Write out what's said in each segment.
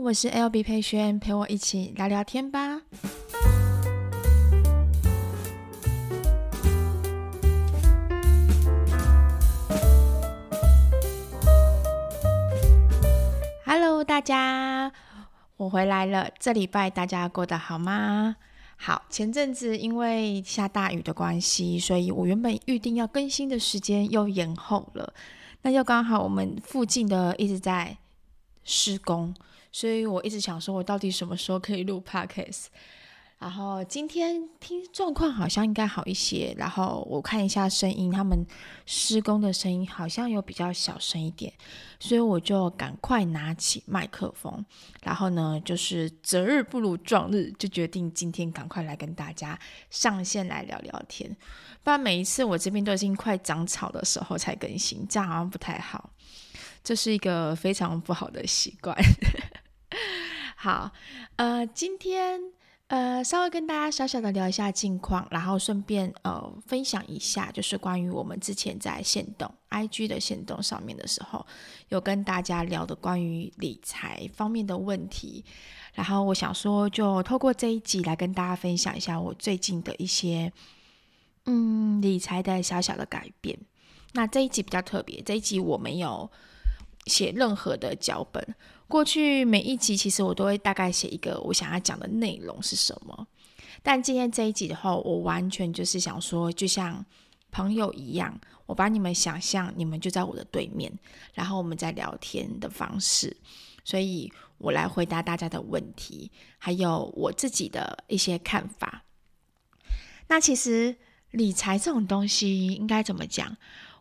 我是 Albee 佩萱，陪我一起聊聊天吧。Hello，大家，我回來了。這禮拜大家過得好嗎？好，前陣子因為下大雨的關係，所以我原本預定要更新的時間又延後了。那又剛好我們附近的一直在施工。所以我一直想說，我到底什麼時候可以錄 Podcast？然後今天聽狀況好像應該好一些。然後我看一下聲音，他們施工的聲音好像有比較小聲一點，所以我就趕快拿起麥克風。然後呢，就是擇日不如撞日，就決定今天趕快來跟大家上線來聊聊天。不然每一次我這邊都已經快長草的時候才更新，這樣好像不太好。這是一個非常不好的習慣。 好，呃，今天呃，稍微跟大家小小的聊一下近況，然後順便呃，分享一下，就是關於我們之前在限動 IG 的限動上面的時候，有跟大家聊的關於理財方面的問題。然後我想說，就透過這一集來跟大家分享一下我最近的一些嗯理財的小小的改變。那這一集比較特別，這一集我沒有。寫任何的腳本，過去每一集其實我都會大概寫一個我想要講的內容是什麼。但今天這一集的話，我完全就是想說，就像朋友一樣，我把你們想象你們就在我的對面，然後我們在聊天的方式，所以我來回答大家的問題，還有我自己的一些看法。那其實理財這種東西應該怎麼講？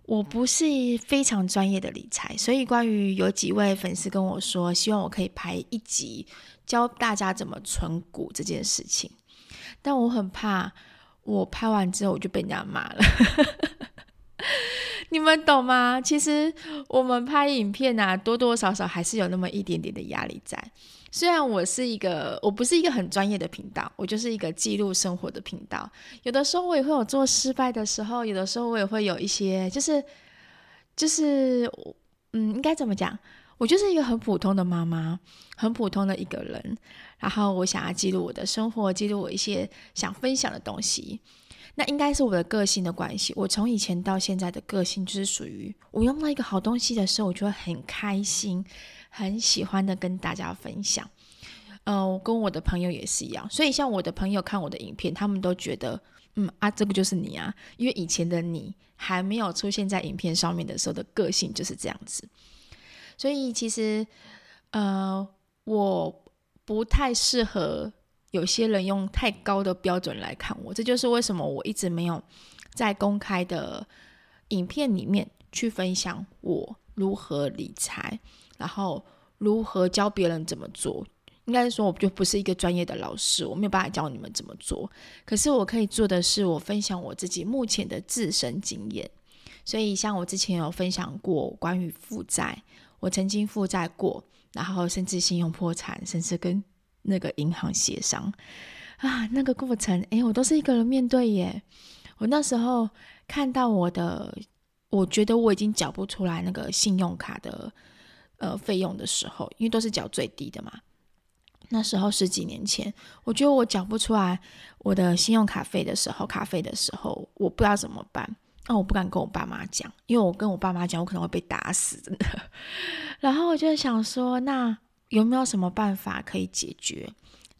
我不是非常專業的理財，所以關於有幾位粉絲跟我說，希望我可以拍一集教大家怎麼存股這件事情，但我很怕我拍完之後我就被人家罵了， 你們懂嗎？其實我們拍影片啊，多多少少還是有那麼一點點的壓力在。雖然我是一個，我不是一個很專業的頻道，我就是一個記錄生活的頻道。有的時候我也會有做失敗的時候，有的時候我也會有一些，就是就是，嗯，應該怎麼講？我就是一個很普通的媽媽，很普通的一個人。然後我想要記錄我的生活，記錄我一些想分享的東西。那應該是我的個性的關係。我從以前到現在的個性就是屬於，我用到一個好東西的時候，我就會很開心。很喜歡的跟大家分享，呃，我跟我的朋友也是一樣，所以像我的朋友看我的影片，他們都覺得，嗯啊，這個就是你啊。因為以前的你還沒有出現在影片上面的時候的個性就是這樣子，所以其實，呃，我不太適合有些人用太高的標準來看我，這就是為什麼我一直沒有在公開的影片裡面去分享我如何理財。然後如何教別人怎麼做？應該是說，我就不是一個專業的老師，我沒有辦法教你們怎麼做。可是我可以做的是，我分享我自己目前的自身經驗。所以，像我之前有分享過關於負債，我曾經負債過，然後甚至信用破產，甚至跟那個銀行協商啊，那個過程，哎，我都是一個人面對耶。我那時候看到我的，我覺得我已經繳不出來那個信用卡的。呃，費用的時候，因為都是繳最低的嘛。那時候十幾年前，我覺得我繳不出來我的信用卡費的時候，卡費的時候，我不知道怎麼辦。那、啊、我不敢跟我爸媽講，因為我跟我爸媽講，我可能會被打死，真的。 然後我就想說，那有沒有什麼辦法可以解決？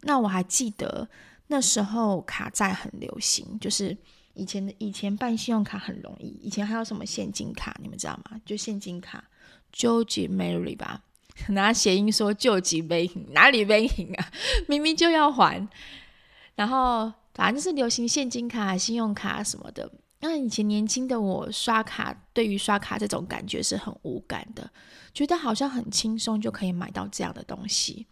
那我還記得那時候卡債很流行，就是以前的以前辦信用卡很容易，以前還有什麼現金卡，你們知道嗎？就現金卡。究濟 Mary 吧，拿諧音說救濟背影，哪裡沒影啊？明明就要還。然後反正就是流行現金卡、信用卡什麼的。那以前年輕的我刷卡，對於刷卡這種感覺是很無感的，覺得好像很輕鬆就可以買到這樣的東西，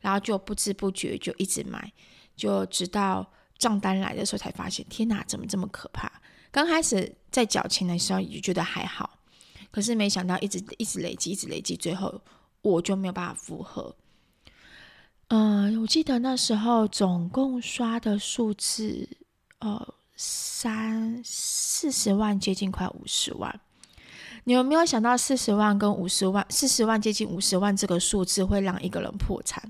然後就不知不覺就一直買，就直到賬單來的時候才發現，天哪，怎麼這麼可怕？剛開始在繳錢的時候，也就覺得還好。可是沒想到，一直一直累積，一直累積，最後我就沒有辦法負荷。呃，我記得那時候總共刷的數字，呃，三四十萬，接近快五十萬。你有沒有想到，四十萬跟五十萬，四十萬接近五十萬這個數字會讓一個人破產？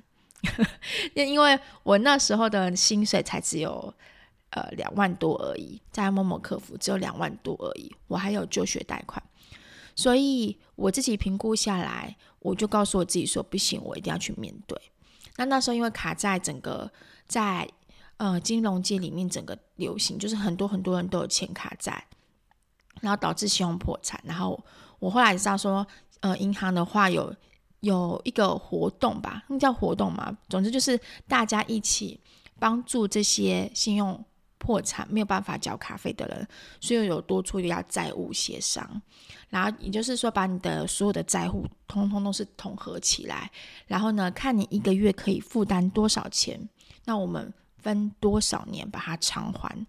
因 因為我那時候的薪水才只有呃兩萬多而已，在某某客服只有兩萬多而已，我還有就學貸款。所以我自己評估下來，我就告訴我自己說不行，我一定要去面對。那那時候因為卡債整個在呃金融界裡面整個流行，就是很多很多人都有欠卡債，然後導致信用破產。然後我後來知道說，呃，銀行的話有有一個活動吧，那叫活動嘛。總之就是大家一起幫助這些信用。破產沒有辦法交卡費的人，所以有多出一個叫債務協商，然後也就是說把你的所有的債務通通都是統合起來，然後呢，看你一個月可以負擔多少錢，那我們分多少年把它償還。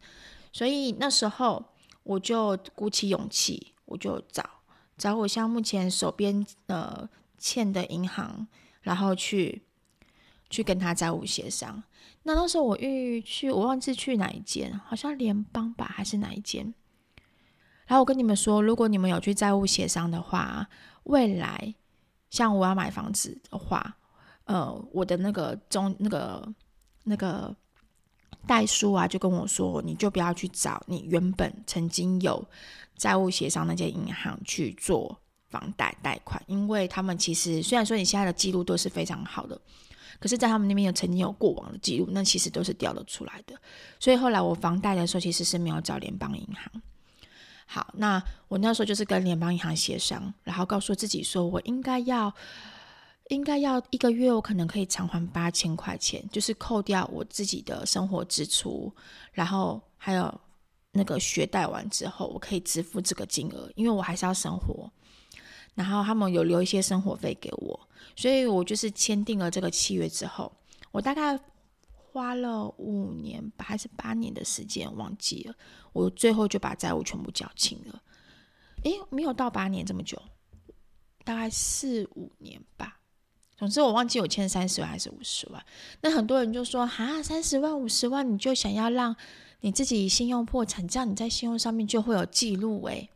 所以那時候我就鼓起勇氣，我就找找我像目前手邊呃欠的銀行，然後去。去跟他債務協商。那當時候我遇去，我忘記去哪一間，好像聯邦吧，還是哪一間？然後我跟你們說，如果你們有去債務協商的話，未來像我要買房子的話，呃，我的那個中那個那個代書啊，就跟我說，你就不要去找你原本曾經有債務協商那間銀行去做房貸貸款，因為他們其實雖然說你現在的記錄都是非常好的。可是，在他們那邊有曾經有過往的記錄，那其實都是調得出來的。所以後來我房貸的時候，其實是沒有找聯邦銀行。好，那我那時候就是跟聯邦銀行協商，然後告訴自己說，我應該要，應該要一個月，我可能可以償還八千塊錢，就是扣掉我自己的生活支出，然後還有那個學貸完之後，我可以支付這個金額，因為我還是要生活。然後他們有留一些生活費給我。所以我就是簽訂了這個契約之後，我大概花了五年吧，還是八年的時間，忘記了。我最後就把債務全部繳清了。誒，沒有到八年這麼久，大概四五年吧。總之我忘記我欠三十萬還是五十萬。那很多人就說：“哈，三十萬、五十萬，你就想要讓你自己信用破產，這樣你在信用上面就會有記錄。”誒。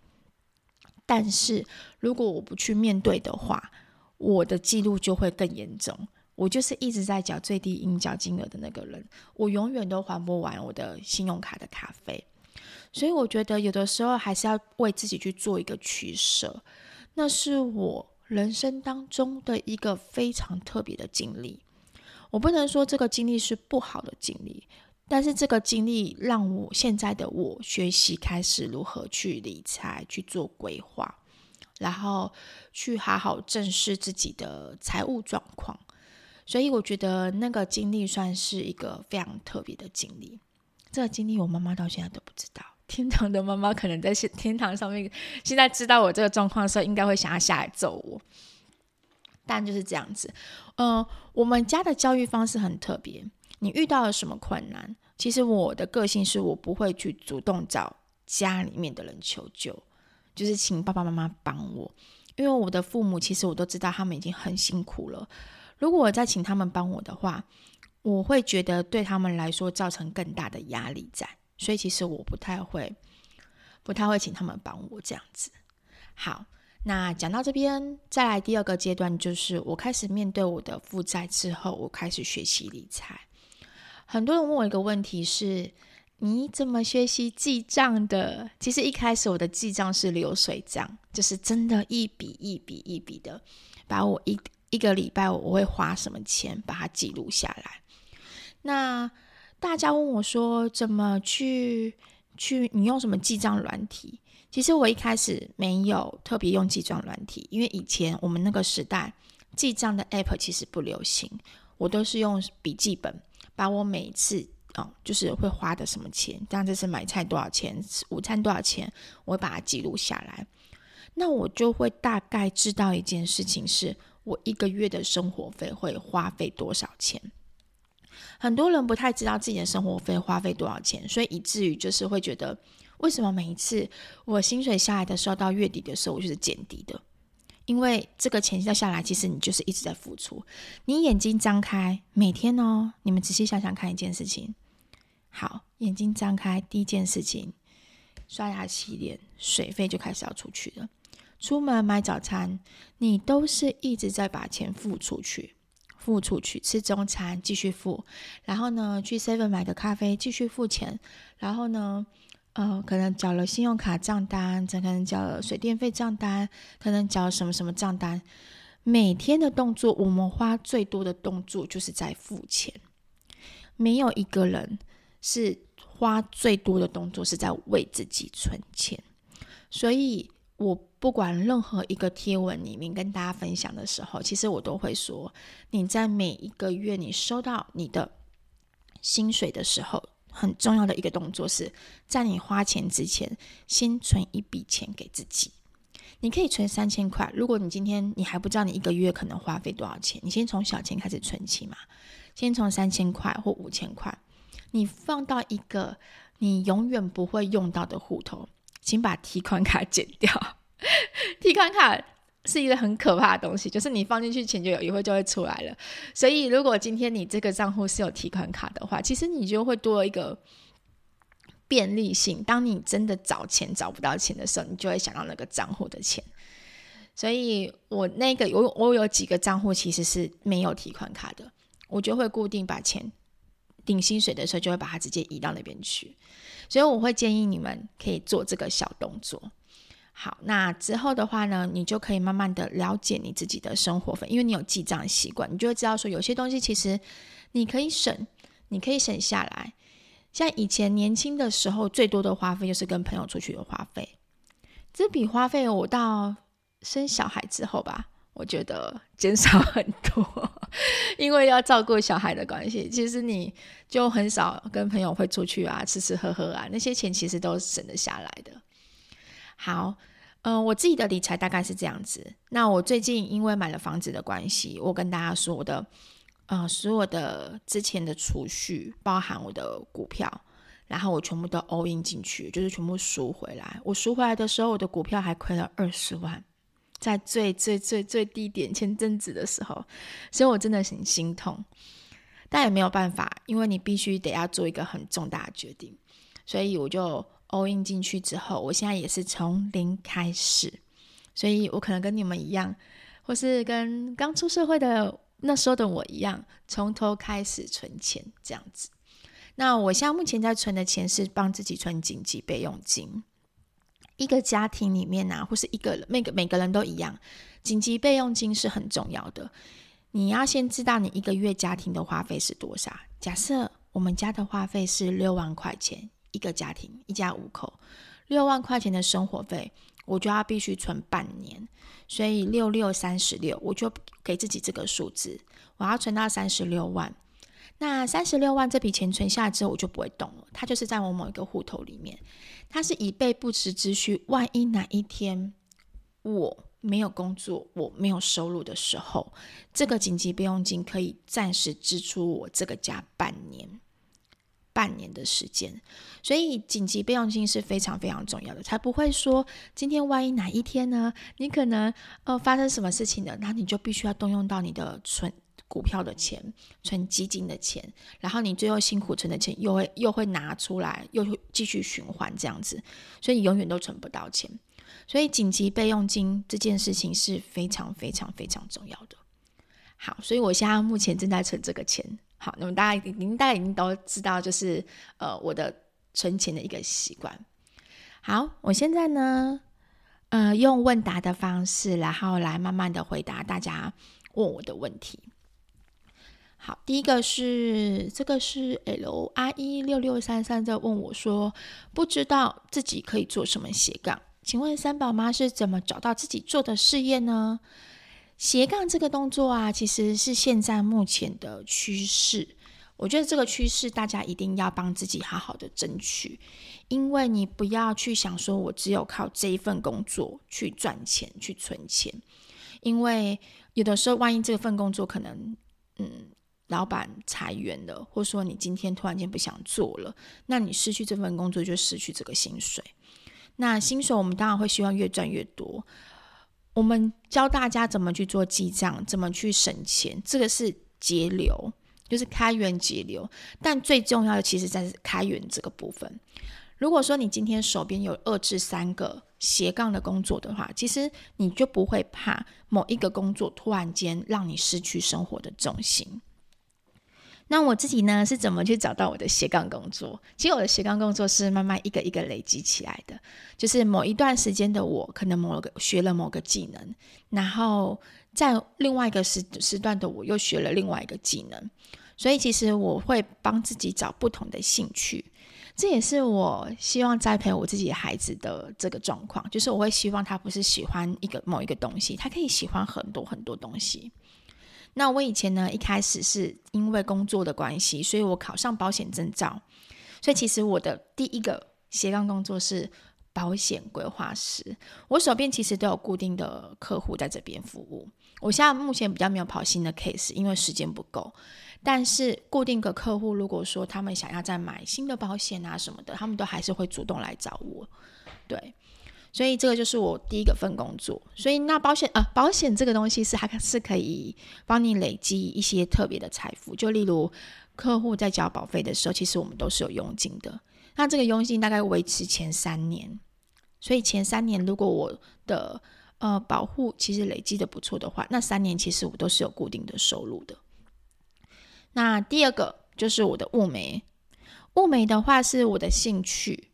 但是如果我不去面對的話，我的記錄就會更嚴重，我就是一直在繳最低應繳金額的那個人，我永遠都還不完我的信用卡的卡費，所以我覺得有的時候還是要為自己去做一個取捨，那是我人生當中的一個非常特別的經歷。我不能說這個經歷是不好的經歷，但是這個經歷讓我現在的我學習開始如何去理財，去做規劃。然後去好好正視自己的財務狀況，所以我覺得那個經歷算是一個非常特別的經歷。這個經歷我媽媽到現在都不知道，天堂的媽媽可能在現天堂上面，現在知道我這個狀況的時候，應該會想要下來揍我。但就是這樣子，嗯，我們家的教育方式很特別。你遇到了什麼困難？其實我的個性是我不會去主動找家裡面的人求救。就是請爸爸媽媽幫我，因為我的父母其實我都知道他們已經很辛苦了。如果我再請他們幫我的話，我會覺得對他們來說造成更大的壓力在。所以其實我不太會，不太會請他們幫我這樣子。好，那講到這邊，再來第二個階段就是我開始面對我的負債之後，我開始學習理財。很多人問我一個問題是，你怎麼學習記賬的？其實一開始我的記賬是流水賬，就是真的一筆一筆一筆的，把我一一個禮拜我會花什麼錢，把它記錄下來。那大家問我說，怎麼去去？你用什麼記賬軟體？其實我一開始沒有特別用記賬軟體，因為以前我們那個時代記賬的 APP 其實不流行，我都是用筆記本把我每次。就是會花的什麼錢？這樣，這次買菜多少錢，午餐多少錢，我會把它記錄下來。那我就會大概知道一件事情是：，是我一個月的生活費會花費多少錢。很多人不太知道自己的生活費花費多少錢，所以以至於就是會覺得，為什麼每一次我薪水下來的時候，到月底的時候我就是減低的？因為這個錢在下來，其實你就是一直在付出。你眼睛張開，每天哦，你們仔細想想看一件事情。好，眼睛張開，第一件事情，刷牙洗臉，水費就開始要出去了。出門買早餐，你都是一直在把錢付出去，付出去。吃中餐，繼續付。然後呢，去 Seven 買個咖啡，繼續付錢。然後呢，呃，可能繳了信用卡賬單，可能繳了水電費賬單，可能繳什麼什麼賬單。每天的動作，我們花最多的動作就是在付錢。沒有一個人，是花最多的動作是在為自己存錢，所以我不管任何一個貼文裡面跟大家分享的時候，其實我都會說：你在每一個月你收到你的薪水的時候，很重要的一個動作是在你花錢之前先存一筆錢給自己。你可以存三千塊，如果你今天你還不知道你一個月可能花費多少錢，你先從小錢開始存起嘛，先從三千塊或五千塊。你放到一個你永遠不會用到的戶頭，請把提款卡剪掉。 提款卡是一個很可怕的東西，就是你放進去錢就有，一會就會出來了。所以，如果今天你這個賬戶是有提款卡的話，其實你就會多一個便利性。當你真的找錢找不到錢的時候，你就會想到那個賬戶的錢。所以我那個，我我有幾個賬戶其實是沒有提款卡的，我就會固定把錢。領薪水的時候就會把它直接移到那邊去，所以我會建議你們可以做這個小動作。好，那之後的話呢，你就可以慢慢的了解你自己的生活費，因為你有記賬習慣，你就會知道說有些東西其實你可以省，你可以省下來。像以前年輕的時候，最多的花費就是跟朋友出去的花費。這筆花費我到生小孩之後吧。我覺得減少很多，因為要照顧小孩的關係，其實你就很少跟朋友會出去啊，吃吃喝喝啊，那些錢其實都省得下來的。好，嗯、呃，我自己的理財大概是這樣子。那我最近因為買了房子的關係，我跟大家說，我的，呃，所有的之前的儲蓄，包含我的股票，然後我全部都 all in 進去，就是全部贖回來。我贖回來的時候，我的股票還虧了二十萬。在最最最最低點，前陣子的時候，所以我真的很心痛，但也沒有辦法，因為你必須得要做一個很重大的決定，所以我就 all in 進去之後，我現在也是從零開始，所以我可能跟你們一樣，或是跟剛出社會的那時候的我一樣，從頭開始存錢這樣子。那我現在目前在存的錢是幫自己存緊急備用金。一個家庭裡面吶、啊，或是一個人每個每個人都一樣，緊急備用金是很重要的。你要先知道你一個月家庭的花費是多少。假設我們家的花費是六萬塊錢，一個家庭，一家五口，六萬塊錢的生活費，我就要必須存半年。所以六六三十六，我就給自己這個數字，我要存到三十六萬。那三十六萬這筆錢存下來之後，我就不會動了，它就是在我某一個戶頭裡面。它是以備不時之需，萬一哪一天我沒有工作、我沒有收入的時候，這個緊急備用金可以暫時支出我這個家半年、半年的時間。所以，緊急備用金是非常非常重要的，才不會說今天萬一哪一天呢，你可能呃發生什麼事情了，那你就必須要動用到你的存。股票的錢、存基金的錢，然後你最後辛苦存的錢，又會又會拿出來，又會繼續循環這樣子，所以你永遠都存不到錢。所以緊急備用金這件事情是非常非常非常重要的。好，所以我現在目前正在存這個錢。好，那麼大家已經，大家已經都知道，就是呃我的存錢的一個習慣。好，我現在呢，呃用問答的方式，然後來慢慢的回答大家問我的問題。好，第一個是這個是 L R 一六六三三在問我說，不知道自己可以做什麼斜槓？請問三寶媽是怎麼找到自己做的事業呢？斜槓這個動作啊，其實是現在目前的趨勢。我覺得這個趨勢大家一定要幫自己好好的爭取，因為你不要去想說我只有靠這一份工作去賺錢，去存錢，因為有的時候萬一這份工作可能，嗯。老闆裁員了，或者說你今天突然間不想做了，那你失去這份工作就失去這個薪水。那薪水我們當然會希望越賺越多。我們教大家怎麼去做記賬，怎麼去省錢，這個是節流，就是開源節流。但最重要的其實在是開源這個部分。如果說你今天手邊有二至三個斜槓的工作的話，其實你就不會怕某一個工作突然間讓你失去生活的重心。那我自己呢，是怎麼去找到我的斜槓工作？其實我的斜槓工作是慢慢一個一個累積起來的。就是某一段時間的我，可能某個學了某個技能，然後在另外一個時時段的我又學了另外一個技能。所以其實我會幫自己找不同的興趣，這也是我希望栽培我自己孩子的這個狀況。就是我會希望他不是喜歡一個某一個東西，他可以喜歡很多很多東西。那我以前呢，一開始是因為工作的關係，所以我考上保險證照，所以其實我的第一個斜槓工作是保險規劃師。我手邊其實都有固定的客戶在這邊服務。我現在目前比較沒有跑新的 case，因為時間不夠。但是固定個客戶，如果說他們想要再買新的保險啊什麼的，他們都還是會主動來找我。對。所以這個就是我第一個份工作。所以那保險呃保險這個東西是還是可以幫你累積一些特別的財富。就例如客戶在交保費的時候，其實我們都是有佣金的。那這個佣金大概維持前三年。所以前三年如果我的呃保戶其實累積的不錯的話，那三年其實我都是有固定的收入的。那第二個就是我的霧眉，霧眉的話是我的興趣。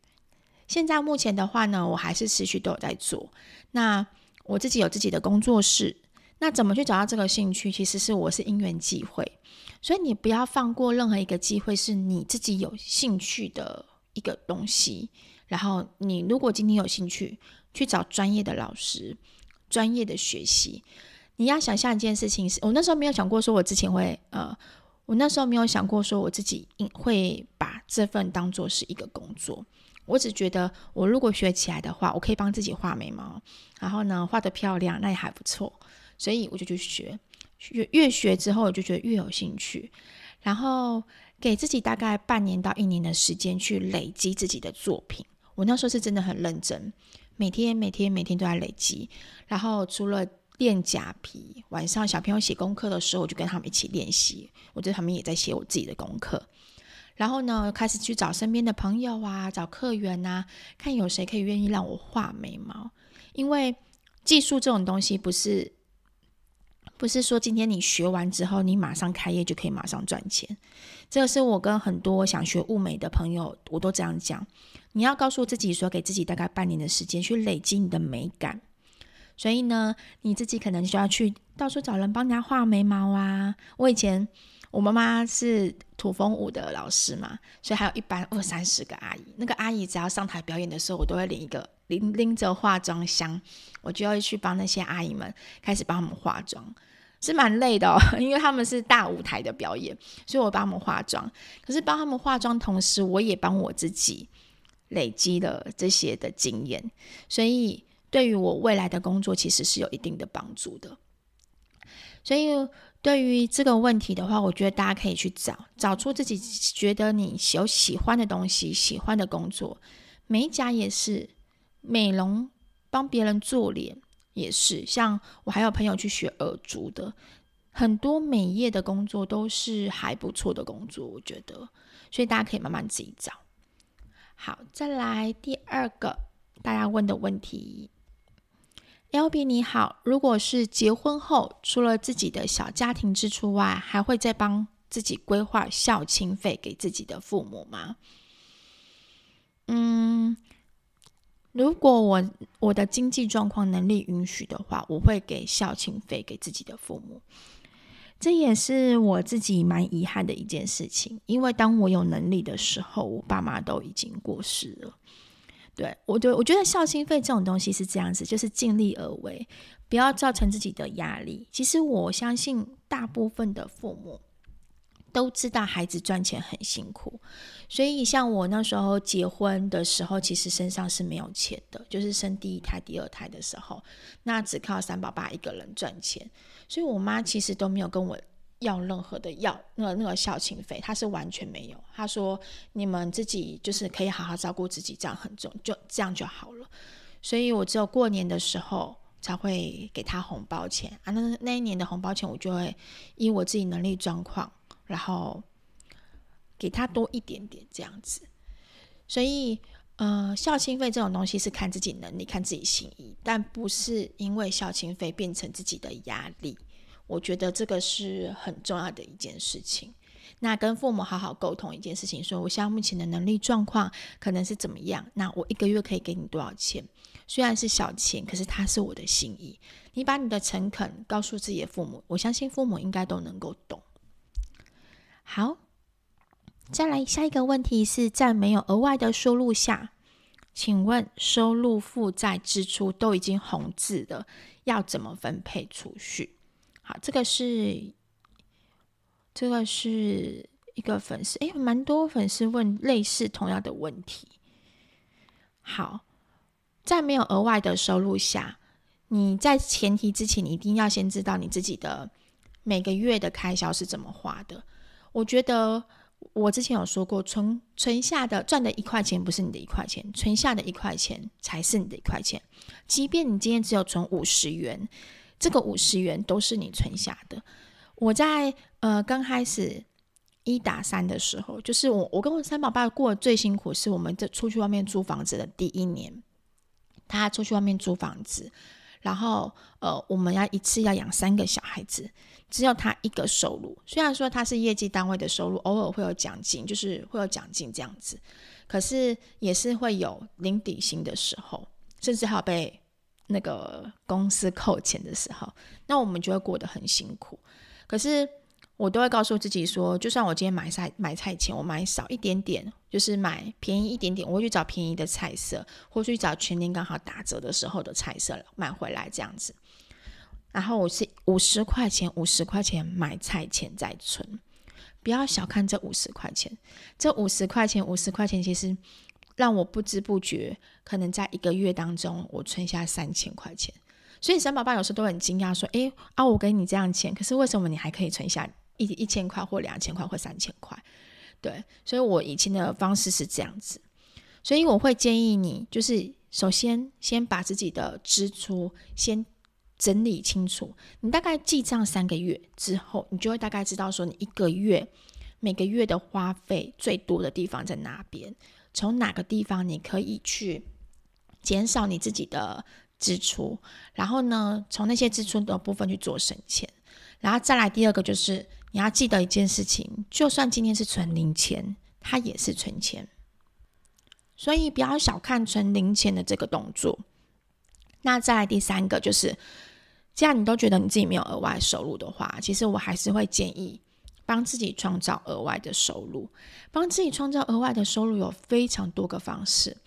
現在目前的話呢，我還是持續都有在做。那我自己有自己的工作室。那怎麼去找到這個興趣？其實是我是因緣際會，所以你不要放過任何一個機會，是你自己有興趣的一個東西。然後你如果今天有興趣，去找專業的老師，專業的學習。你要想象一件事情是，是我那時候沒有想過，說我之前會呃，我那時候沒有想過說我自己會把這份當作是一個工作。我只覺得，我如果學起來的話，我可以幫自己畫眉毛，然後呢，畫得漂亮，那也還不錯。所以我就去學，越越學之後，我就覺得越有興趣。然後給自己大概半年到一年的時間去累積自己的作品。我那時候是真的很認真，每天每天每天都在累積。然後除了練假皮，晚上小朋友寫功課的時候，我就跟他們一起練習。我這旁邊也在寫我自己的功課。然後呢，開始去找身邊的朋友啊，找客源啊，看有誰可以願意讓我畫眉毛。因為技術這種東西，不是不是說今天你學完之後，你馬上開業就可以馬上賺錢。這個是我跟很多想學物美的朋友，我都這樣講。你要告訴自己，說給自己大概半年的時間去累積你的美感。所以呢，你自己可能就要去到處找人幫人家畫眉毛啊。我以前。我媽媽是土風舞的老師嘛，所以還有一般二三十個阿姨。那個阿姨只要上台表演的時候，我都會拎一個拎拎着化妝箱，我就要去幫那些阿姨們開始幫他們化妝，是蠻累的哦，因為他們是大舞台的表演，所以我幫他們化妝。可是幫他們化妝同時，我也幫我自己累積了這些的經驗，所以對於我未來的工作其實是有一定的幫助的。所以。對於這個問題的話，我覺得大家可以去找，找出自己覺得你有喜歡的東西，喜歡的工作。美甲也是，美容，幫別人做臉也是。像我還有朋友去學耳燭的，很多美業的工作都是還不錯的工作，我覺得。所以大家可以慢慢自己找。好，再來第二個大家問的問題。Albee 你好，如果是結婚後，除了自己的小家庭支出外，還會再幫自己規劃孝親費給自己的父母嗎？嗯，如果我我的經濟狀況能力允許的話，我會給孝親費給自己的父母。這也是我自己蠻遺憾的一件事情，因為當我有能力的時候，我爸媽都已經過世了。對，我對，我覺得孝心費這種東西是這樣子，就是盡力而為，不要造成自己的壓力。其實我相信大部分的父母都知道孩子賺錢很辛苦，所以像我那時候結婚的時候，其實身上是沒有錢的，就是生第一胎、第二胎的時候，那只靠三寶爸一個人賺錢，所以我媽其實都沒有跟我。要任何的藥，那個那個孝親費，他是完全沒有。他說你們自己就是可以好好照顧自己，這樣很重，就這樣就好了。所以我只有過年的時候才會給他紅包錢啊。那那一年的紅包錢，我就會以我自己能力狀況，然後給他多一點點這樣子。所以呃，孝親費這種東西是看自己能力，看自己心意，但不是因為孝親費變成自己的壓力。我覺得這個是很重要的一件事情。那跟父母好好溝通一件事情，說我現在目前的能力狀況可能是怎麼樣？那我一個月可以給你多少錢？雖然是小錢，可是它是我的心意。你把你的誠懇告訴自己的父母，我相信父母應該都能夠懂。好，再來下一個問題是，在沒有額外的收入下，請問收入、負債、支出都已經紅字的，要怎麼分配儲蓄？好，這個是這個是一個粉絲，哎，蠻多粉絲問類似同樣的問題。好，在沒有額外的收入下，你在前提之前，你一定要先知道你自己的每個月的開銷是怎麼花的。我覺得我之前有說過，存存下的賺的一塊錢不是你的一塊錢，存下的一塊錢才是你的一塊錢。即便你今天只有存五十元。這個五十元都是你存下的。我在呃剛開始一打三的時候，就是我我跟我三寶爸過的最辛苦，是我們這出去外面租房子的第一年，他出去外面租房子，然後呃我們要一次要養三個小孩子，只有他一個收入。雖然說他是業績單位的收入，偶爾會有獎金，就是會有獎金這樣子，可是也是會有零底薪的時候，甚至還被。那個公司扣錢的時候，那我們就會過得很辛苦。可是我都會告訴自己說，就算我今天買菜買菜錢我買少一點點，就是買便宜一點點，我會去找便宜的菜色，或去找全聯剛好打折的時候的菜色買回來這樣子。然後我是五十塊錢，五十塊錢買菜錢再存。不要小看這五十塊錢，這五十塊錢，五十塊錢其實。讓我不知不覺，可能在一個月當中，我存下三千塊錢。所以三寶爸有時候都很驚訝，說：“哎啊，我給你這樣錢，可是為什麼你還可以存下一一千塊或兩千塊或三千塊？”對，所以我以前的方式是這樣子。所以我會建議你，就是首先先把自己的支出先整理清楚。你大概記賬三個月之後，你就會大概知道說，你一個月每個月的花費最多的地方在哪邊。從哪個地方你可以去減少你自己的支出，然後呢，從那些支出的部分去做省錢，然後再來第二個就是你要記得一件事情，就算今天是存零錢，它也是存錢，所以不要小看存零錢的這個動作。那再來第三個就是，既然你都覺得你自己沒有額外收入的話，其實我還是會建議。幫自己創造額外的收入，幫自己創造額外的收入有非常多個方式。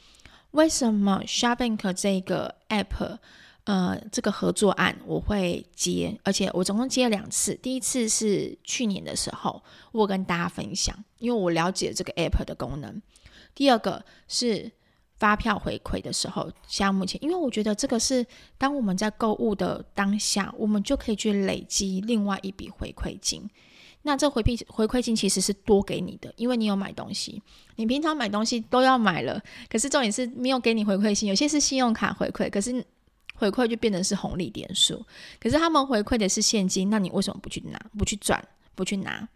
為什麼 ShopBack 這個 App，呃，這個合作案我會接，而且我總共接了兩次。第一次是去年的時候，我跟大家分享，因為我了解了這個 App 的功能。第二個是發票回饋的時候，像目前，因為我覺得這個是當我們在購物的當下，我們就可以去累積另外一筆回饋金。那這回饋回饋金其實是多給你的，因為你有買東西。你平常買東西都要買了，可是重點是沒有給你回饋金。有些是信用卡回饋，可是回饋就變成是紅利點數。可是他們回饋的是現金，那你為什麼不去拿？不去賺？不去拿？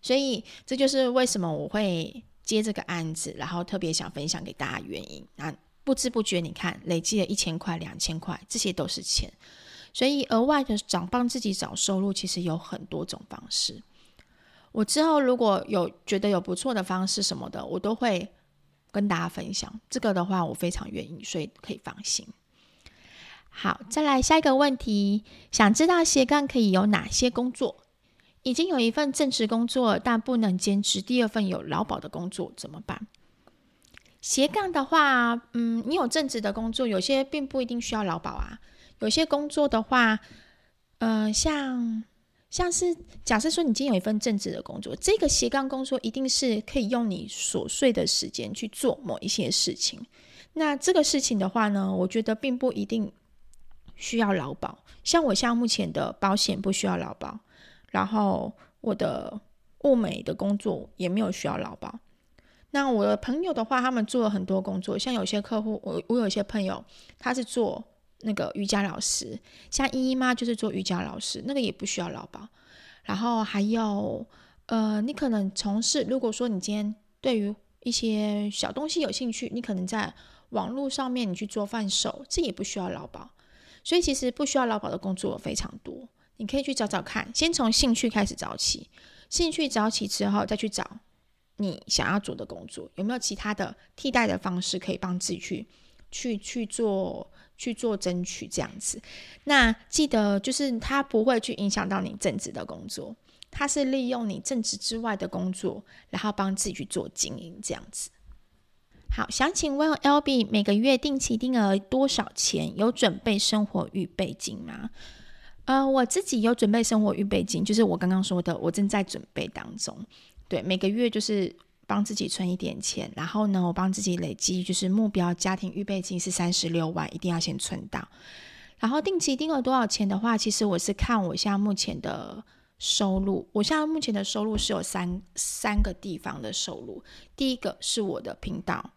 所以這就是為什麼我會接這個案子，然後特別想分享給大家原因。啊。不知不覺，你看累積了一千塊、兩千塊，這些都是錢。所以額外的想幫自己找收入，其實有很多種方式。我之後如果有覺得有不錯的方式什麼的，我都會跟大家分享。這個的話，我非常願意，所以可以放心。好，再來下一個問題：想知道斜槓可以有哪些工作？已經有一份正職工作，但不能兼職；第二份有勞保的工作怎麼辦？斜槓的話，嗯，你有正職的工作，有些並不一定需要勞保啊。有些工作的話，呃，像，像是假設說你今天有一份正職的工作，這個斜槓工作一定是可以用你瑣碎的時間去做某一些事情。那這個事情的話呢，我覺得並不一定需要勞保。像我，像目前的保險不需要勞保，然後我的物美的工作也沒有需要勞保。那我的朋友的話，他們做了很多工作，像有些客戶，我，我有些朋友他是做。那個瑜伽老師，像依依媽就是做瑜伽老師，那個也不需要勞保。然後還有，呃，你可能從事，如果說你今天對於一些小東西有興趣，你可能在網絡上面你去做販售，這也不需要勞保。所以其實不需要勞保的工作非常多，你可以去找找看，先從興趣開始找起，興趣找起之後再去找你想要做的工作，有沒有其他的替代的方式可以幫自己去去去做，去做爭取這樣子，那記得就是他不會去影響到你正職的工作，他是利用你正職之外的工作，然後幫自己去做經營這樣子。好，想請問 Albee 每個月定期定額多少錢？有準備生活預備金嗎？呃，我自己有準備生活預備金，就是我剛剛說的，我正在準備當中。對，每個月就是。幫自己存一點錢，然後呢，我幫自己累積，就是目標家庭預備金是三十六萬，一定要先存到。然後定期定額多少錢的話，其實我是看我現在目前的收入。我現在目前的收入是有三三個地方的收入。第一個是我的頻道，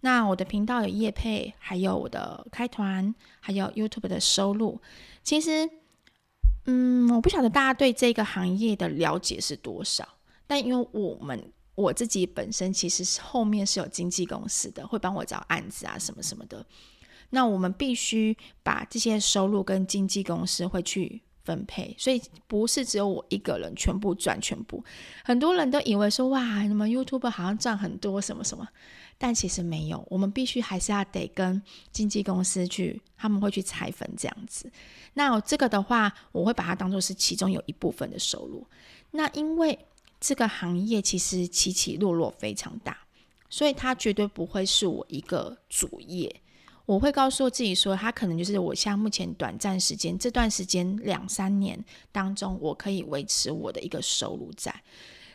那我的頻道有業配，還有我的開團，還有 YouTube 的收入。其實，嗯，我不曉得大家對這個行業的了解是多少，但因為我們。我自己本身其實是後面是有經紀公司的，會幫我找案子啊，什麼什麼的。那我們必須把這些收入跟經紀公司會去分配，所以不是只有我一個人全部賺全部。很多人都以為說哇，你們 YouTube 好像賺很多什麼什麼，但其實沒有。我們必須還是要得跟經紀公司去，他們會去拆分這樣子。那這個的話，我會把它當做是其中有一部分的收入。那因為。這個行業其實起起落落非常大，所以它絕對不會是我一個主業。我會告訴自己說，它可能就是我像目前短暫時間這段時間兩三年當中，我可以維持我的一個收入在。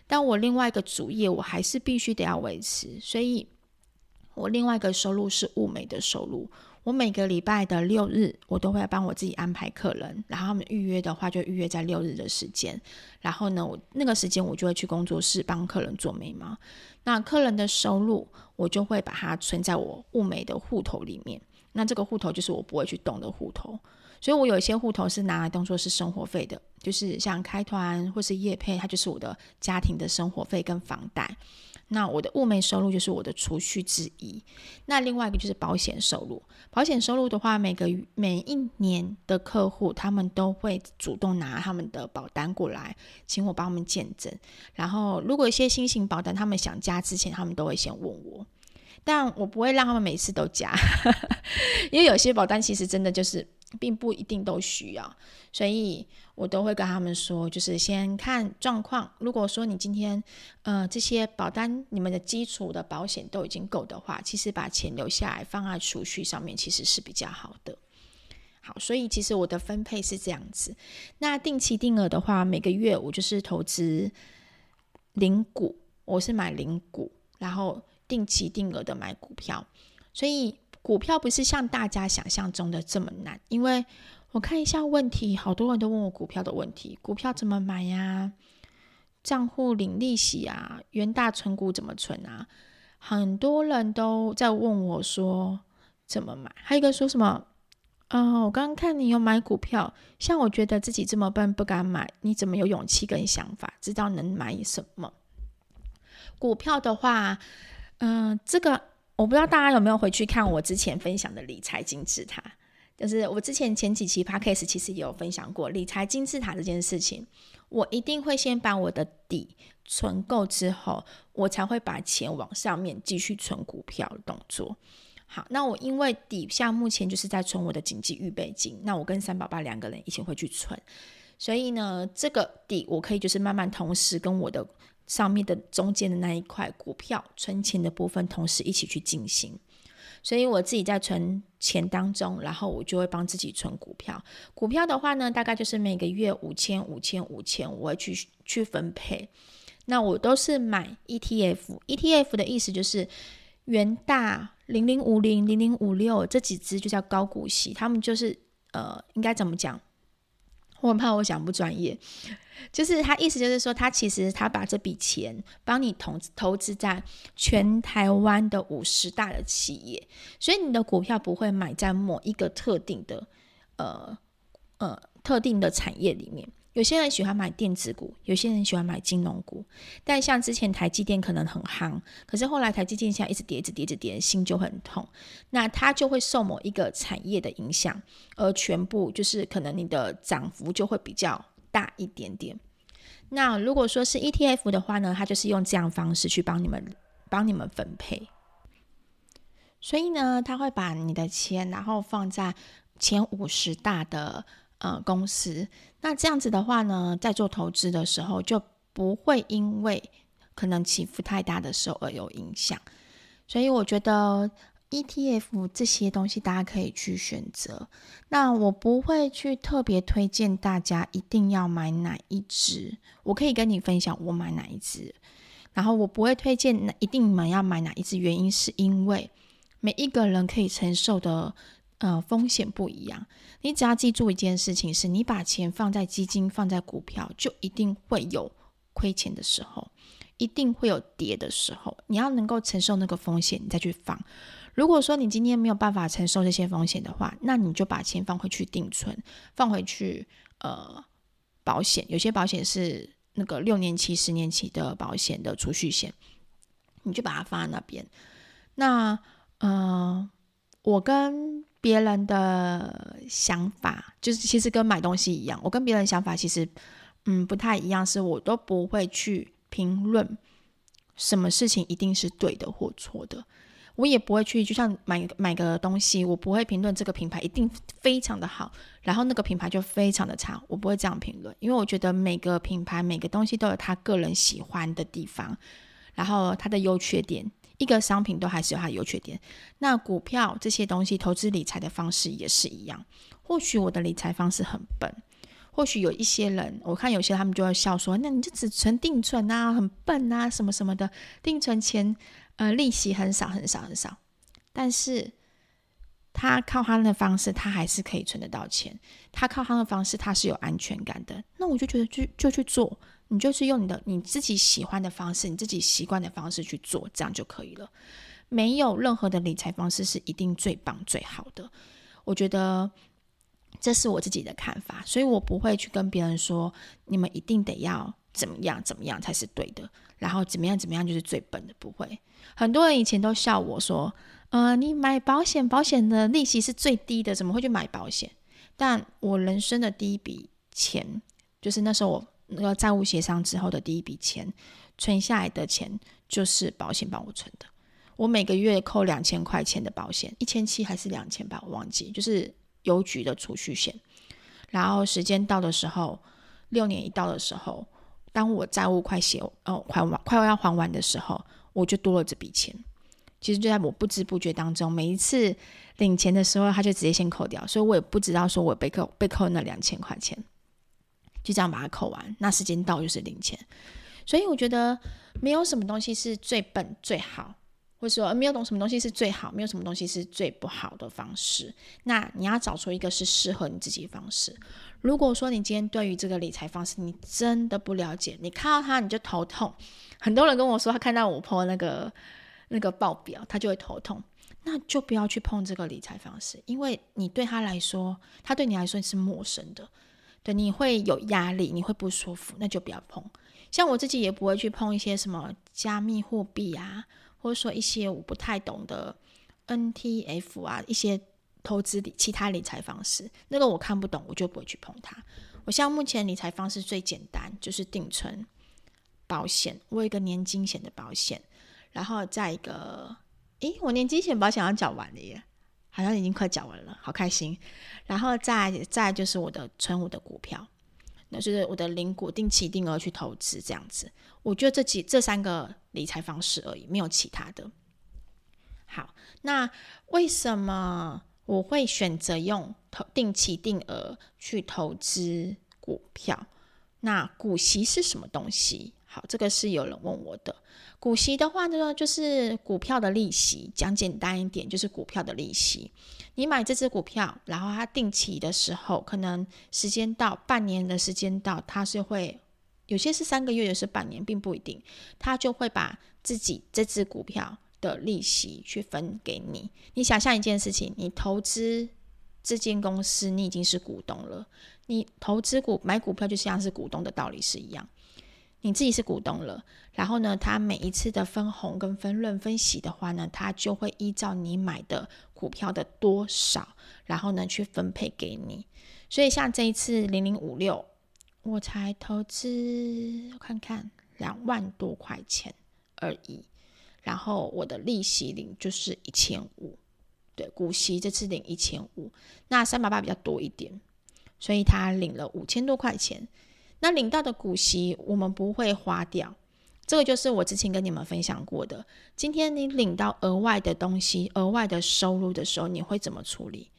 但我另外一個主業，我還是必須得要維持，所以我另外一個收入是物美的收入。我每個禮拜的六日，我都會幫我自己安排客人，然後他們預約的話就預約在六日的時間，然後呢，我那個時間我就會去工作室幫客人做眉毛。那客人的收入，我就會把它存在我物美的戶頭裡面。那這個戶頭就是我不會去動的戶頭，所以我有一些戶頭是拿來當做是生活費的，就是像開團或是業配，它就是我的家庭的生活費跟房貸。那我的物美收入就是我的儲蓄之一，那另外一個就是保險收入。保險收入的話，每個每一年的客戶他們都會主動拿他們的保單過來，請我幫他們見證。然後，如果一些新型保單，他們想加之前，他們都會先問我，但我不會讓他們每次都加，呵呵，因為有些保單其實真的就是並不一定都需要，所以。我都會跟他們說，就是先看狀況。如果說你今天，呃，這些保單你們的基礎的保險都已經夠的話，其實把錢留下來放在儲蓄上面其實是比較好的。好，所以其實我的分配是這樣子。那定期定額的話，每個月我就是投資零股，我是買零股，然後定期定額的買股票，所以。股票不是像大家想象中的這麼難，因為我看一下問題，好多人都問我股票的問題，股票怎麼買呀？啊？賬戶領利息啊？元大存股怎麼存啊？很多人都在問我，說怎麼買？還有一個說什麼？哦，我剛剛看你有買股票，像我覺得自己這麼笨，不敢買，你怎麼有勇氣跟想法，知道能買什麼？股票的話，嗯、呃，這個。我不知道大家有沒有回去看我之前分享的理財金字塔，就是我之前前幾期 podcast 其實也有分享過理財金字塔這件事情。我一定會先把我的底存夠之後，我才會把錢往上面繼續存股票的動作。好，那我因為底下目前就是在存我的緊急預備金，那我跟三寶爸兩個人一起會去存，所以呢，這個底我可以就是慢慢同時跟我的。上面的中間的那一塊股票存錢的部分，同時一起去進行。所以我自己在存錢當中，然後我就會幫自己存股票。股票的話呢，大概就是每個月五千、五千、五千，我會去去分配。那我都是買 ETF，ETF 的意思就是元大零零五零、零零五六這幾隻就叫高股息，他們就是呃，應該怎麼講？我很怕我講不專業，就是他意思就是說，他其實他把這筆錢幫你投投資在全台灣的五十大的企業，所以你的股票不會買在某一個特定的，呃呃特定的產業裡面。有些人喜歡買電子股，有些人喜歡買金融股。但像之前台積電可能很夯，可是後來台積電現在一直跌，一直跌，一直跌，心就很痛。那它就會受某一個產業的影響，而全部就是可能你的漲幅就會比較大一點點。那如果說是 ETF 的話呢，它就是用這樣方式去幫你們幫你們分配。所以呢，它會把你的錢，然後放在前五十大的。呃、嗯，公司。那這樣子的話呢，在做投資的時候就不會因為可能起伏太大的時候而有影響，所以我覺得 ETF 這些東西大家可以去選擇。那我不會去特別推薦大家一定要買哪一隻，我可以跟你分享我買哪一隻，然後我不會推薦一定你們要買哪一隻，原因是因為每一個人可以承受的呃、嗯，風險不一樣。你只要記住一件事情是：是你把錢放在基金、放在股票，就一定會有虧錢的時候，一定會有跌的時候。你要能夠承受那個風險，你再去放。如果說你今天沒有辦法承受這些風險的話，那你就把錢放回去定存，放回去呃，保險。有些保險是那個六年期、十年期的保險的儲蓄險，你就把它放在那邊。那呃，我跟別人的想法，就是其實跟買東西一樣。我跟別人想法其實，嗯，不太一樣。是我都不會去評論什麼事情一定是對的或錯的。我也不會去，就像買買個東西，我不會評論這個品牌一定非常的好，然後那個品牌就非常的差。我不會這樣評論，因為我覺得每個品牌、每個東西都有他個人喜歡的地方，然後它的優缺點。一個商品都還是有它的優缺點，那股票這些東西，投資理財的方式也是一樣。或許我的理財方式很笨，或許有一些人，我看有些人他們就會笑說，那你就只存定存啊，很笨啊，什麼什麼的。定存錢，呃，利息很少很少很少，但是他靠他的方式，他還是可以存得到錢。他靠他的方式，他是有安全感的。那我就覺得就就去做。你就是用你的你自己喜歡的方式，你自己習慣的方式去做，這樣就可以了。沒有任何的理財方式是一定最棒最好的。我覺得這是我自己的看法，所以我不會去跟別人說你們一定得要怎麼樣怎麼樣才是對的，然後怎麼樣怎麼樣就是最笨的。不會，很多人以前都笑我說：“呃，你買保險，保險的利息是最低的，怎麼會去買保險？”但我人生的第一筆錢就是那時候我。那個債務協商之後的第一筆錢，存下來的錢就是保險幫我存的。我每個月扣兩千塊錢的保險，一千七還是兩千吧，我忘記，就是郵局的儲蓄險。然後時間到的時候，六年一到的時候，當我債務快寫哦還完快要要還完的時候，我就多了這筆錢。其實就在我不知不覺當中，每一次領錢的時候，他就直接先扣掉，所以我也不知道說我被扣被扣那兩千塊錢。就這樣把它扣完，那時間到就是領錢。所以我覺得沒有什麼東西是最笨最好，或者說沒有懂什麼東西是最好，沒有什麼東西是最不好的方式。那你要找出一個是適合你自己的方式。如果說你今天對於這個理財方式你真的不了解，你看到它你就頭痛。很多人跟我說他看到我 PO 那個那個報表，他就會頭痛。那就不要去碰這個理財方式，因為你對他來說，他對你來說你是陌生的。對，你會有壓力，你會不舒服，那就不要碰。像我自己也不會去碰一些什麼加密貨幣啊，或者說一些我不太懂的 NTF 啊，一些投資理其他理財方式，那個我看不懂，我就不會去碰它。我像目前理財方式最簡單，就是定存、保險，我有一個年金險的保險，然後再一個，誒，我年金險保險要繳完了耶。好像已經快講完了，好開心。然後再再就是我的存我的股票，那就是我的零股定期定額去投資這樣子。我覺得這幾這三個理財方式而已，沒有其他的。好，那為什麼我會選擇用投定期定額去投資股票？那股息是什麼東西？好，這個是有人問我的股息的話呢，就是股票的利息。講簡單一點，就是股票的利息。你買這隻股票，然後它定期的時候，可能時間到半年的時間到，它是會有些是三個月，有些是半年，並不一定，它就會把自己這隻股票的利息去分給你。你想象一件事情，你投資這間公司，你已經是股東了。你投資股買股票，就像是股東的道理是一樣。你自己是股東了，然後呢，他每一次的分紅跟分潤分析的話呢，他就會依照你買的股票的多少，然後呢去分配給你。所以像這一次零零五六，我才投資，看看兩萬多塊錢而已。然後我的利息領就是一千五，對，股息這次領一千五，那三八八比較多一點，所以他領了五千多塊錢。那領到的股息我們不會花掉，這個就是我之前跟你們分享過的。今天你領到額外的東西、額外的收入的時候，你會怎麼處理？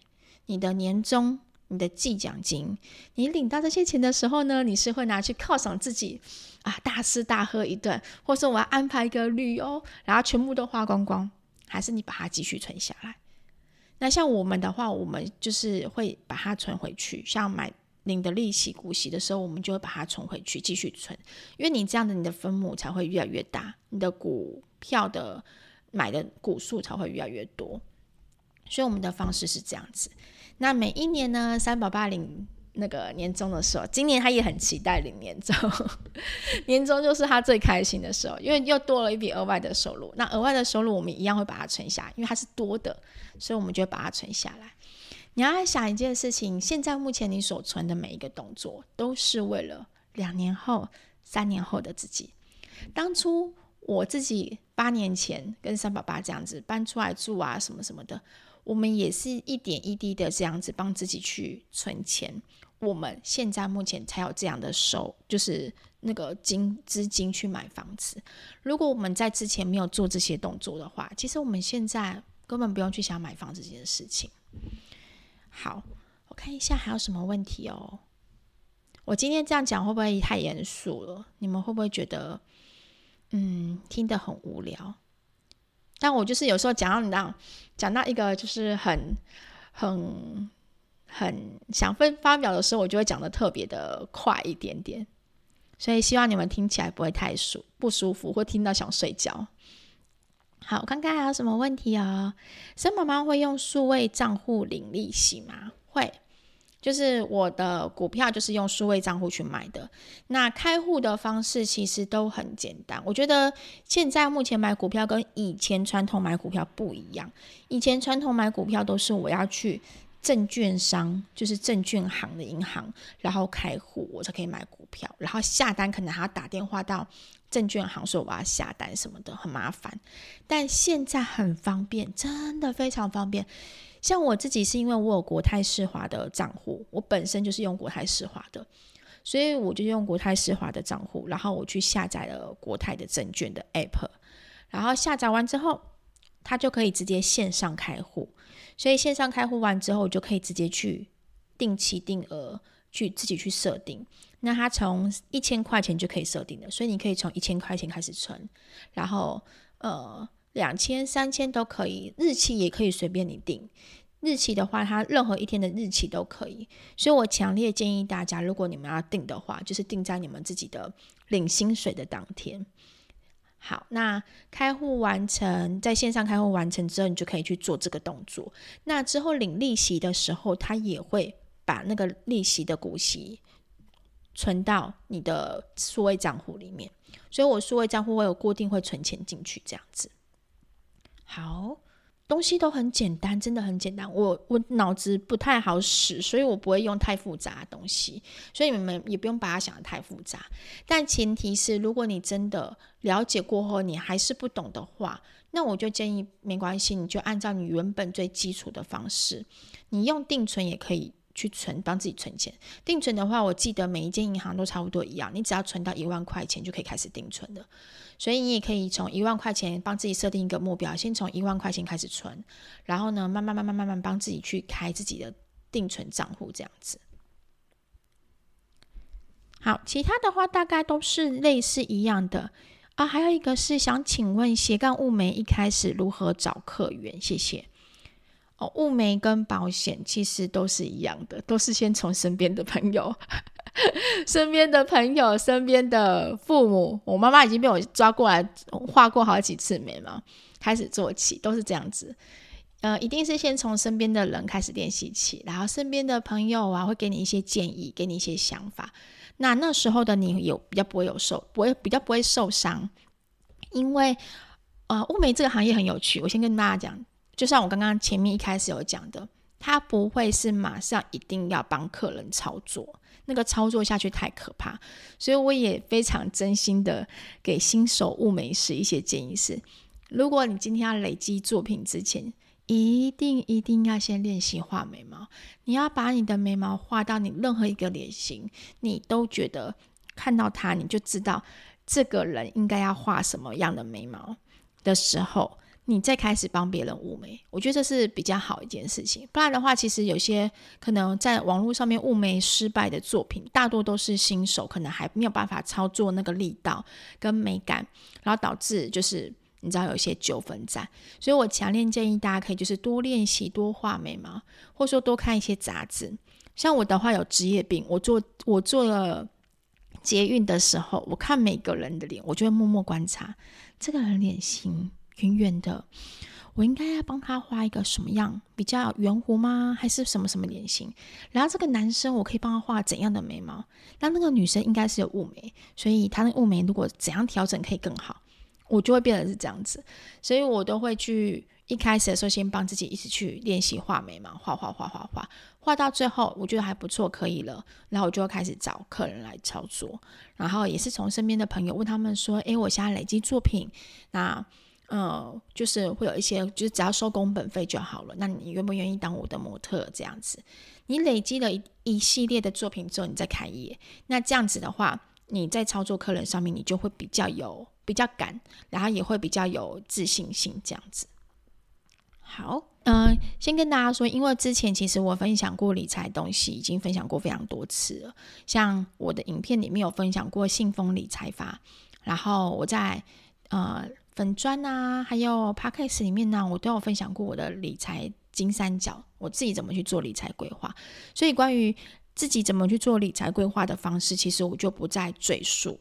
你的年終、你的季獎金，你領到這些錢的時候呢？你是會拿去犒賞自己，啊，大吃大喝一頓，或是說我要安排一個旅遊，然後全部都花光光，還是你把它繼續存下來？那像我們的話，我們就是會把它存回去，像買。領的利息、股息的時候，我們就會把它存回去，繼續存。因為你這樣的，你的分母才會越來越大，你的股票的買的股數才會越來越多。所以，我們的方式是這樣子。那每一年呢，三八八零那個年終的時候，今年他也很期待領年終。年終就是他最開心的時候，因為又多了一筆額外的收入。那額外的收入，我們一樣會把它存下，因為它是多的，所以我們就會把它存下來。你要想一件事情，現在目前你所存的每一個動作，都是為了兩年後、三年後的自己。當初我自己八年前跟三寶爸這樣子搬出來住啊，什麼什麼的，我們也是一點一滴的這樣子幫自己去存錢。我們現在目前才有這樣的手，就是那個金資金去買房子。如果我們在之前沒有做這些動作的話，其實我們現在根本不用去想買房子這件事情。好，我看一下還有什麼問題哦。我今天這樣講會不會太嚴肅了？你們會不會覺得，嗯，聽得很無聊？但我就是有時候講到你那樣，講到一個就是很、很、很想分發表的時候，我就會講得特別的快一點點。所以希望你們聽起來不會太舒不舒服，或聽到想睡覺。好，剛剛還有什麼問題哦，生媽媽會用數位賬戶領利息嗎？會，就是我的股票就是用數位賬戶去買的。那開戶的方式其實都很簡單。我覺得現在目前買股票跟以前傳統買股票不一樣。以前傳統買股票都是我要去證券商，就是證券行的銀行，然後開戶我才可以買股票，然後下單可能還要打電話到。證券行說我要下單什麼的很麻煩，但現在很方便，真的非常方便。像我自己是因為我有國泰世華的賬戶，我本身就是用國泰世華的，所以我就用國泰世華的賬戶，然後我去下載了國泰的證券的 App，然後下載完之後，它就可以直接線上開戶，所以線上開戶完之後，我就可以直接去定期定額去自己去設定。那它從一千塊錢就可以設定的，所以你可以從一千塊錢開始存，然後呃兩千、三千都可以，日期也可以隨便你定。日期的話，它任何一天的日期都可以。所以我強烈建議大家，如果你們要定的話，就是定在你們自己的領薪水的當天。好，那開戶完成，在線上開戶完成之後，你就可以去做這個動作。那之後領利息的時候，它也會把那個利息的股息。存到你的數位賬戶裡面，所以我數位賬戶會有固定會存錢進去，這樣子。好，東西都很簡單，真的很簡單。我我腦子不太好使，所以我不會用太複雜的東西，所以你們也不用把它想得太複雜。但前提是，如果你真的了解過後，你還是不懂的話，那我就建議，沒關係，你就按照你原本最基礎的方式，你用定存也可以，去存，幫自己存錢。定存的話，我記得每一間銀行都差不多一樣，你只要存到一萬塊錢就可以開始定存了，所以你也可以從一萬塊錢幫自己設定一個目標，先從一萬塊錢開始存，然後呢，慢慢慢慢慢慢幫自己去開自己的定存賬戶，這樣子。好，其他的話大概都是類似一樣的。啊，還有一個是想請問斜槓霧眉一開始如何找客源？謝謝。哦，霧眉跟保險其實都是一樣的，都是先從身邊的、的朋友、身邊的朋友、身邊的父母。我媽媽已經被我抓過來畫、哦、過好幾次眉毛，開始做起都是這樣子。呃，一定是先從身邊的人開始練習起，然後身邊的朋友啊會給你一些建議，給你一些想法。那那時候的你有比較不會有受，不會比較不會受傷，因為呃，霧眉這個行業很有趣。我先跟大家講。就像我剛剛前面一開始有講的，他不會是馬上一定要幫客人操作，那個操作下去太可怕。所以我也非常真心的給新手霧眉師一些建議是：如果你今天要累積作品之前，一定一定要先練習畫眉毛。你要把你的眉毛畫到你任何一個臉型，你都覺得看到它，你就知道這個人應該要畫什麼樣的眉毛的時候。你再開始幫別人霧眉，我覺得這是比較好一件事情，不然的話，其實有些可能在網絡上面霧眉失敗的作品，大多都是新手，可能還沒有辦法操作那個力道跟美感，然後導致就是你知道有一些糾紛在。所以我強烈建議大家可以就是多練習，多畫眉毛，或說多看一些雜誌。像我的話，有職業病，我做我做了捷運的時候，我看每個人的臉，我就會默默觀察這個人臉型，圓圓的，我應該要幫他畫一個什麼樣比較圓弧嗎？還是什麼什麼臉型？然後這個男生，我可以幫他畫怎樣的眉毛？那那個女生應該是有霧眉，所以她的霧眉如果怎樣調整可以更好，我就會變得是這樣子。所以我都會去一開始的時候先幫自己一直去練習畫眉毛，畫畫畫畫畫畫，畫到最後我覺得還不錯，可以了。然後我就開始找客人來操作，然後也是從身邊的朋友問他們說：“誒，我現在累積作品，那？”呃、嗯，就是會有一些，就是只要收工本費就好了。那你願不願意當我的模特？這樣子，你累積了一,一系列的作品之後，你再開業。那這樣子的話，你在操作客人上面，你就會比較有，比較敢，然後也會比較有自信心。這樣子，好，嗯，先跟大家說，因為之前其實我分享過理財東西，已經分享過非常多次了。像我的影片裡面有分享過信封理財法，然後我在呃。嗯粉磚啊，還有 podcast 裡面呢、啊，我都有分享過我的理財金三角，我自己怎麼去做理財規劃。所以關於自己怎麼去做理財規劃的方式，其實我就不再贅述。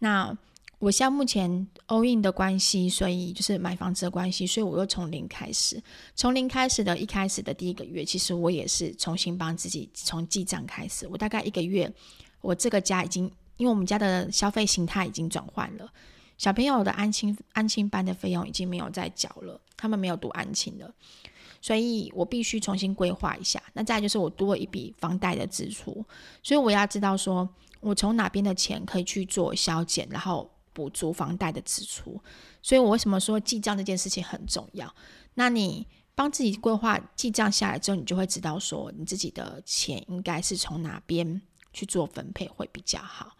那我像目前 all in 的關係，所以就是買房子的關係，所以我又從零開始，從零開始的一開始的第一個月，其實我也是重新幫自己從記賬開始。我大概一個月，我這個家已經，因為我們家的消費形態已經轉換了。小朋友的安親、安親班的費用已經沒有再繳了，他們沒有讀安親了，所以我必須重新規劃一下。那再就是我多了一筆房貸的支出，所以我要知道說，我從哪邊的錢可以去做消減，然後補足房貸的支出。所以我為什麼說記賬這件事情很重要？那你幫自己規劃記賬下來之後，你就會知道說，你自己的錢應該是從哪邊去做分配會比較好。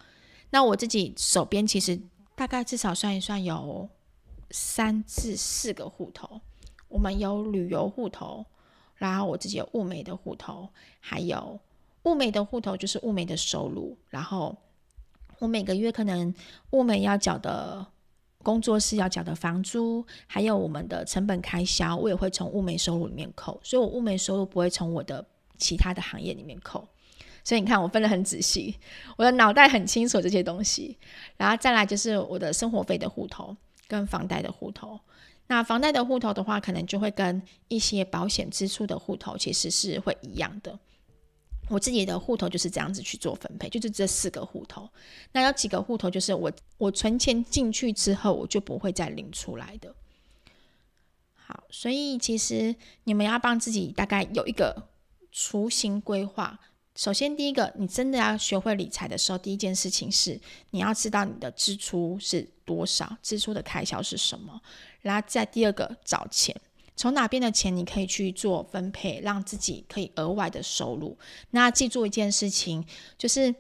那我自己手邊其實。大概至少算一算，有三至四個戶頭。我們有旅遊戶頭，然後我自己有物美的戶頭，還有物美的戶頭就是物美的收入。然後我每個月可能物美要繳的工作室要繳的房租，還有我們的成本開銷，我也會從物美收入裡面扣。所以我物美收入不會從我的其他的行業裡面扣。所以你看，我分得很仔細，我的腦袋很清楚這些東西。然後再來就是我的生活費的戶頭跟房貸的戶頭。那房貸的戶頭的話，可能就會跟一些保險支出的戶頭其實是會一樣的。我自己的戶頭就是這樣子去做分配，就是這四個戶頭。那有幾個戶頭就是我我存錢進去之後，我就不會再領出來的。好，所以其實你們要幫自己大概有一個雛形規劃。首先，第一個，你真的要學會理財的時候，第一件事情是你要知道你的支出是多少，支出的開銷是什麼。然後，再第二個找錢，從哪邊的錢你可以去做分配，讓自己可以額外的收入。那記住一件事情，就是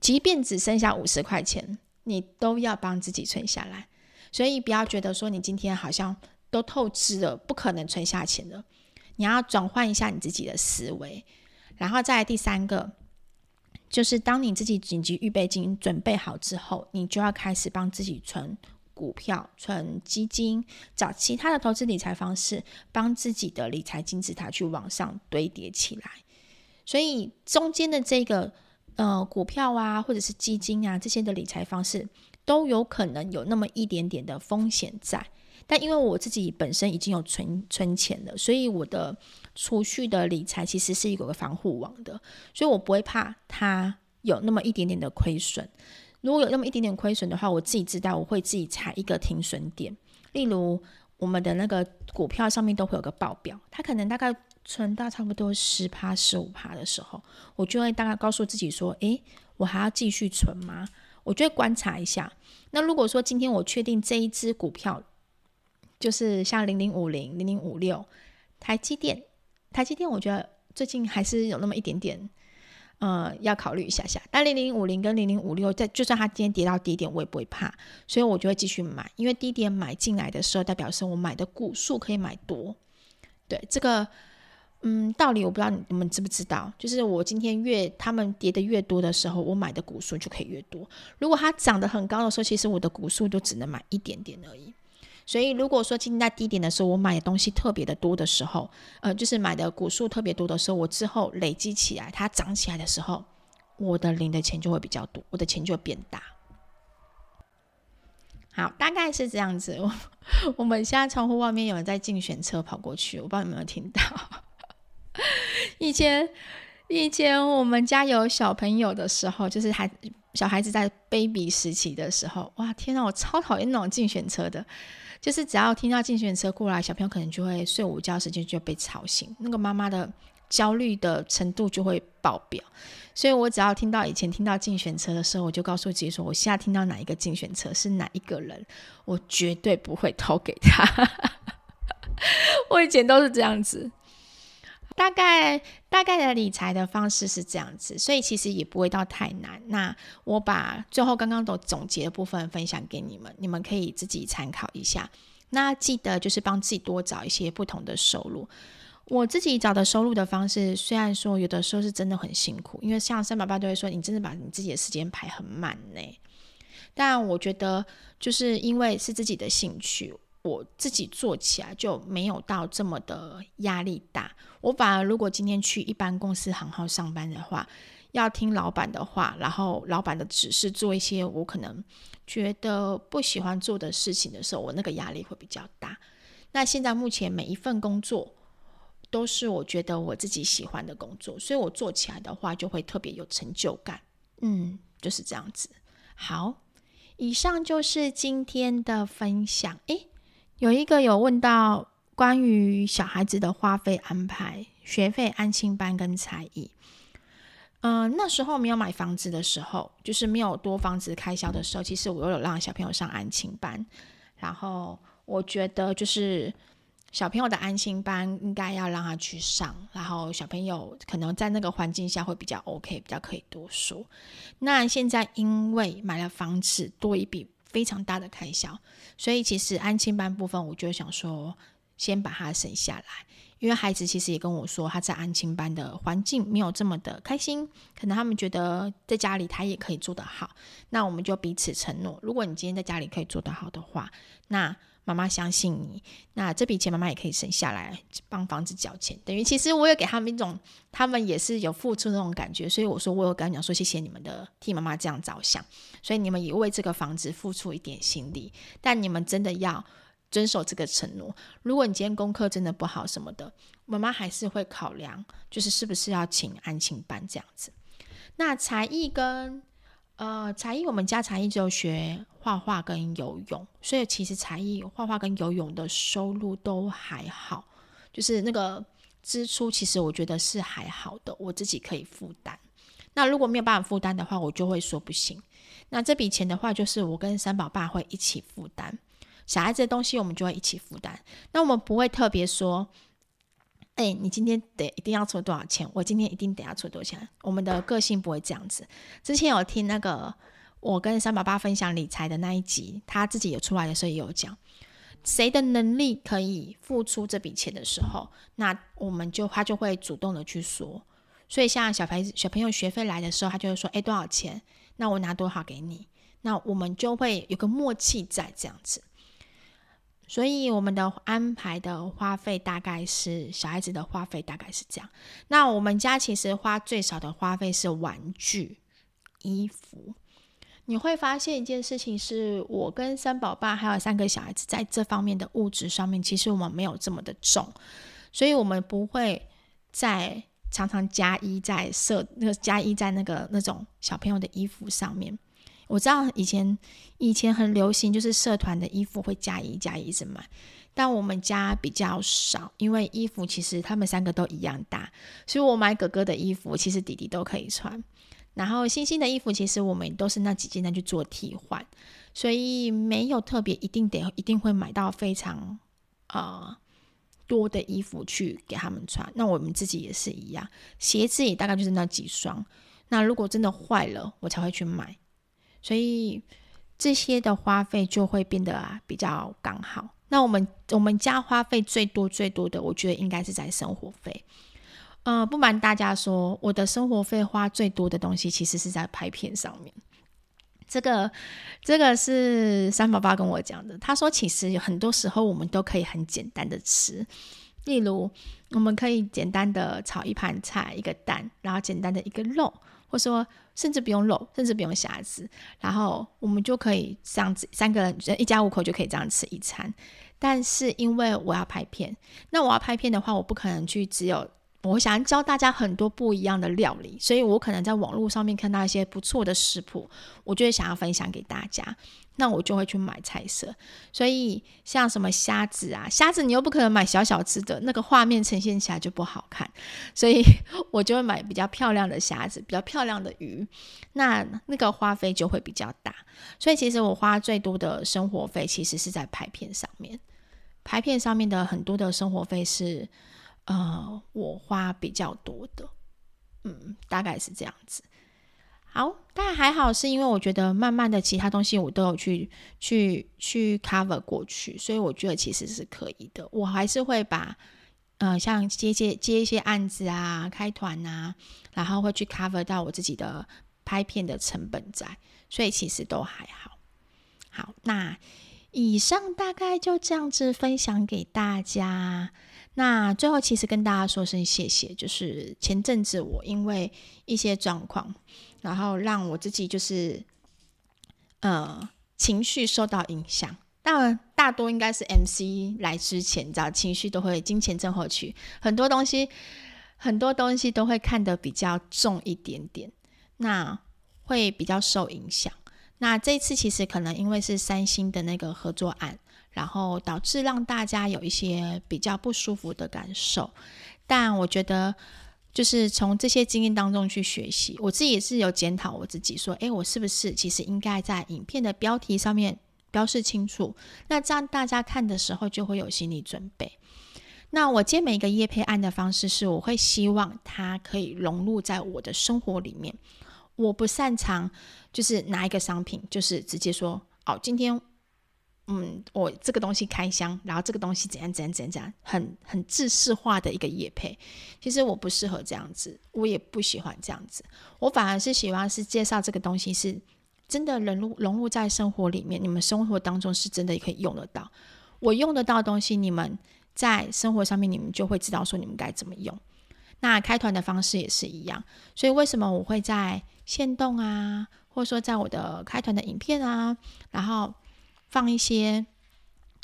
即便只剩下五十塊錢，你都要幫自己存下來。所以不要覺得說你今天好像都透支了，不可能存下錢的。你要轉換一下你自己的思維。然後再來第三個，就是當你自己緊急預備金準備好之後，你就要開始幫自己存股票、存基金，找其他的投資理財方式，幫自己的理財金字塔去往上堆疊起來。所以中間的這個呃股票啊，或者是基金啊，這些的理財方式都有可能有那麼一點點的風險在。但因為我自己本身已經有存存錢了，所以我的儲蓄的理財其實是有個防護網的，所以我不會怕它有那麼一點點的虧損。如果有那麼一點點虧損的話，我自己知道我會自己踩一個停損點。例如我們的那個股票上面都會有個報表，它可能大概存到差不多十趴、十五趴的時候，我就會大概告訴自己說：“誒，我還要繼續存嗎？”我就會觀察一下。那如果說今天我確定這一支股票，就是像零零五零、零零五六，台積電，台積電，我覺得最近還是有那麼一點點，嗯、呃，要考慮一下下。但零零五零跟零零五六，在就算它今天跌到低點，我也不會怕，所以我就會繼續買，因為低點買進來的時候，代表是我買的股數可以買多。對這個，嗯，道理我不知道你們知不知道，就是我今天越他們跌得越多的時候，我買的股數就可以越多。如果它漲得很高的時候，其實我的股數都只能買一點點而已。所以，如果說今天在低點的時候，我買的東西特別的多的時候，呃，就是買的股數特別多的時候，我之後累積起來，它漲起來的時候，我的領的錢就會比較多，我的錢就會變大。好，大概是這樣子。我我們現在窗戶外面有人在競選車跑過去，我不知道你們有沒有聽到。以前以前我們家有小朋友的時候，就是還小孩子在 baby 時期的時候，哇，天哪，我超討厭那種競選車的。就是只要聽到競選車過來，小朋友可能就會睡午覺時間就被吵醒，那個媽媽的焦慮的程度就會爆表。所以我只要聽到，以前聽到競選車的時候，我就告訴自己說，我現在聽到哪一個競選車是哪一個人，我絕對不會投給他。 我以前都是這樣子。大概大概的理財的方式是這樣子，所以其實也不會到太難。那我把最後剛剛的總結的部分分享給你們，你們可以自己參考一下。那記得就是幫自己多找一些不同的收入。我自己找的收入的方式，雖然說有的時候是真的很辛苦，因為像是爸爸都會說，你真的把你自己的時間排很滿呢、欸。但我覺得就是因為是自己的興趣。我自己做起來就沒有到這麼的壓力大。我反而如果今天去一般公司行號上班的話，要聽老闆的話，然後老闆的指示做一些我可能覺得不喜歡做的事情的時候，我那個壓力會比較大。那現在目前每一份工作都是我覺得我自己喜歡的工作，所以我做起來的話就會特別有成就感。嗯，就是這樣子。好，以上就是今天的分享。欸有一個有問到關於小孩子的花費安排，學費、安心班跟才藝。嗯、呃，那時候沒有買房子的時候，就是沒有多房子開銷的時候，其實我又有讓小朋友上安心班。然後我覺得就是小朋友的安心班應該要讓他去上，然後小朋友可能在那個環境下會比較 OK，比較可以多說。那現在因為買了房子，多一筆。非常大的開銷，所以其實安親班部分，我就想說，先把它省下來，因為孩子其實也跟我說，他在安親班的環境沒有這麼的開心，可能他們覺得在家裡他也可以做得好，那我們就彼此承諾，如果你今天在家裡可以做得好的話，那。媽媽相信你，那這筆錢媽媽也可以省下來幫房子交錢。等於其實我有給他們一種，他們也是有付出那種感覺，所以我說我有跟他講說，謝謝你們的替媽媽這樣着想，所以你們也為這個房子付出一點心力，但你們真的要遵守這個承諾。如果你今天功課真的不好什麼的，媽媽還是會考量，就是是不是要請安親班這樣子。那才藝跟。呃，才藝我們家才藝只有學畫畫跟游泳，所以其實才藝畫畫跟游泳的收入都還好，就是那個支出，其實我覺得是還好的，我自己可以負擔。那如果沒有辦法負擔的話，我就會說不行。那這筆錢的話，就是我跟三寶爸會一起負擔，小孩子的東西我們就會一起負擔。那我們不會特別說。哎、欸，你今天得一定要出多少錢？我今天一定得要出多少錢？我們的個性不會這樣子。之前有聽那個我跟三寶爸分享理財的那一集，他自己有出來的時候也有講，誰的能力可以付出這筆錢的時候，那我們就他就會主動的去說。所以像小孩子小朋友學費來的時候，他就會說：哎、欸，多少錢？那我拿多少給你？那我們就會有個默契在這樣子。所以我們的安排的花費大概是小孩子的花費大概是這樣。那我們家其實花最少的花費是玩具、衣服。你會發現一件事情是，我跟三寶爸還有三個小孩子在這方面的物質上面，其實我們沒有這麼的重，所以我們不會再常常加衣在設那個加衣在那個那種小朋友的衣服上面。我知道以前以前很流行，就是社團的衣服會加一加一直買，但我們家比較少，因為衣服其實他們三個都一樣大，所以我買哥哥的衣服，其實弟弟都可以穿。然後星星的衣服，其實我們都是那幾件，那去做替換，所以沒有特別一定得一定會買到非常啊、呃、多的衣服去給他們穿。那我們自己也是一樣，鞋子也大概就是那幾雙。那如果真的壞了，我才會去買。所以這些的花費就會變得，啊，比較剛好。那我們我們家花費最多最多的，我覺得應該是在生活費。呃，不瞞大家說，我的生活費花最多的東西，其實是在拍片上面。這個這個是三寶爸跟我講的，他說其實有很多時候我們都可以很簡單的吃，例如我們可以簡單的炒一盤菜，一個蛋，然後簡單的一個肉。或說，甚至不用肉，甚至不用蝦子，然後我們就可以這樣子，三個人一家五口就可以這樣吃一餐。但是因為我要拍片，那我要拍片的話，我不可能去只有我想教大家很多不一樣的料理，所以我可能在網絡上面看到一些不錯的食譜，我就會想要分享給大家。那我就會去買菜色，所以像什麼蝦子啊，蝦子你又不可能買小小隻的，那個畫面呈現起來就不好看，所以我就會買比較漂亮的蝦子，比較漂亮的魚，那那個花費就會比較大。所以其實我花最多的生活費，其實是在拍片上面，拍片上面的很多的生活費是呃我花比較多的，嗯，大概是這樣子。好，但還好，是因為我覺得慢慢的，其他東西我都有去去去 cover 過去，所以我覺得其實是可以的。我還是會把，呃，像接接接一些案子啊，開團啊，然後會去 cover 到我自己的拍片的成本在，所以其實都還好。好，那以上大概就這樣子分享給大家。那最後，其實跟大家說聲謝謝，就是前陣子我因為一些狀況。然後讓我自己就是，呃，情緒受到影響。當然，大多應該是 MC 來之前，你知道情緒都會經前症候群，很多東西，很多東西都會看得比較重一點點，那會比較受影響。那這一次其實可能因為是三星的那個合作案，然後導致讓大家有一些比較不舒服的感受。但我覺得。就是從這些經驗當中去學習，我自己也是有檢討我自己，說，誒，我是不是其實應該在影片的標題上面標示清楚，那這樣大家看的時候就會有心理準備。那我接每一個業配案的方式是，我會希望它可以融入在我的生活裡面。我不擅長就是拿一個商品，就是直接說，哦，今天。嗯，我這個東西開箱，然後這個東西怎樣怎樣怎樣怎樣，很很制式化的一個業配。其實我不適合這樣子，我也不喜歡這樣子，我反而是喜歡是介紹這個東西是真的融入融入在生活裡面，你們生活當中是真的可以用得到。我用得到的東西，你們在生活上面你們就會知道說你們該怎麼用。那開團的方式也是一樣，所以為什麼我會在限動啊，或者說在我的開團的影片啊，然後。放一些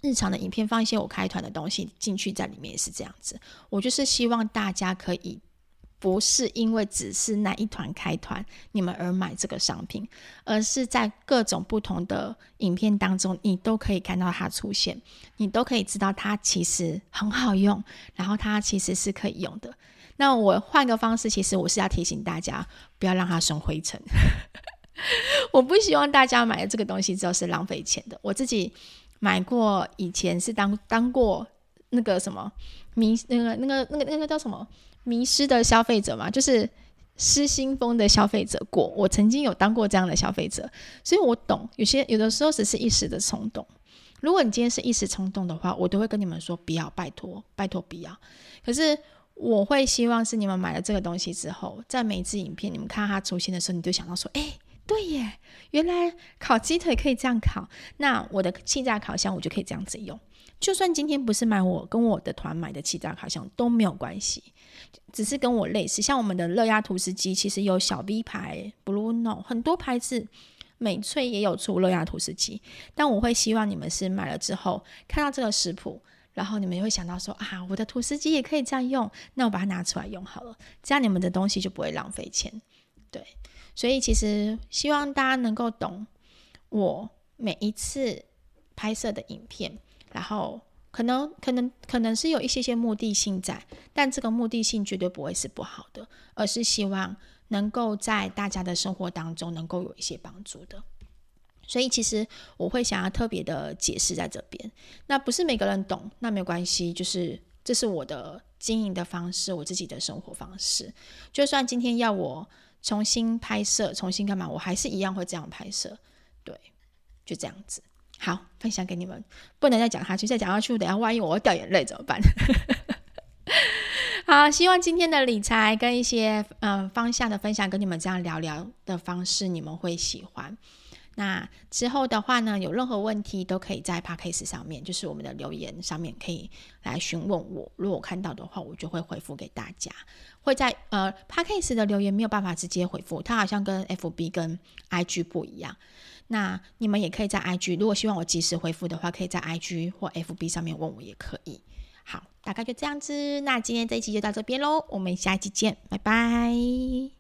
日常的影片，放一些我開團的東西進去，在裡面也是這樣子。我就是希望大家可以不是因為只是那一團開團你們而買這個商品，而是在各種不同的影片當中，你都可以看到它出現，你都可以知道它其實很好用，然後它其實是可以用的。那我換個方式，其實我是要提醒大家，不要讓它生灰塵。 我不希望大家買了這個東西之後是浪費錢的。我自己買過，以前是當當過那個什麼迷那個那個那個那個叫什麼迷失的消費者嘛，就是失心瘋的消費者過。我曾經有當過這樣的消費者，所以我懂。有些有的時候只是一時的衝動。如果你今天是一時衝動的話，我都會跟你們說不要，拜託，拜託不要。可是我會希望是你們買了這個東西之後，在每一支影片你們看它出現的時候，你就想到說，哎、欸。對耶，原來烤雞腿可以這樣烤。那我的氣炸烤箱我就可以這樣子用，就算今天不是買我跟我的團買的氣炸烤箱都沒有關係，只是跟我類似，像我們的熱壓吐司機其實有小 V 牌、Bruno 很多牌子，美翠也有出熱壓吐司機。但我會希望你們是買了之後看到這個食譜，然後你們會想到說啊，我的吐司機也可以這樣用，那我把它拿出來用好了，這樣你們的東西就不會浪費錢。對。所以其實希望大家能夠懂我每一次拍攝的影片，然後可能可能可能是有一些些目的性在，但這個目的性絕對不會是不好的，而是希望能夠在大家的生活當中能夠有一些幫助的。所以其實我會想要特別的解釋在這邊，那不是每個人懂，那沒有關係，就是這是我的經營的方式，我自己的生活方式，就算今天要我。重新拍攝，重新幹嘛？我還是一樣會這樣拍攝，對，就這樣子。好，分享給你們，不能再講下去，再講下去，等下萬一我要掉眼淚怎麼辦？ 好，希望今天的理財跟一些嗯方向的分享，跟你們這樣聊聊的方式，你們會喜歡。那之後的話呢，有任何問題都可以在 Podcast 上面，就是我們的留言上面，可以來詢問我。如果我看到的話，我就會回復給大家。會在呃 podcast 的留言沒有辦法直接回復，它好像跟 FB 跟 IG 不一樣。那你們也可以在 IG，如果希望我及時回復的話，可以在 IG 或 FB 上面問我也可以。好，大概就這樣子。那今天這一期就到這邊嘍，我們下一期見，拜拜。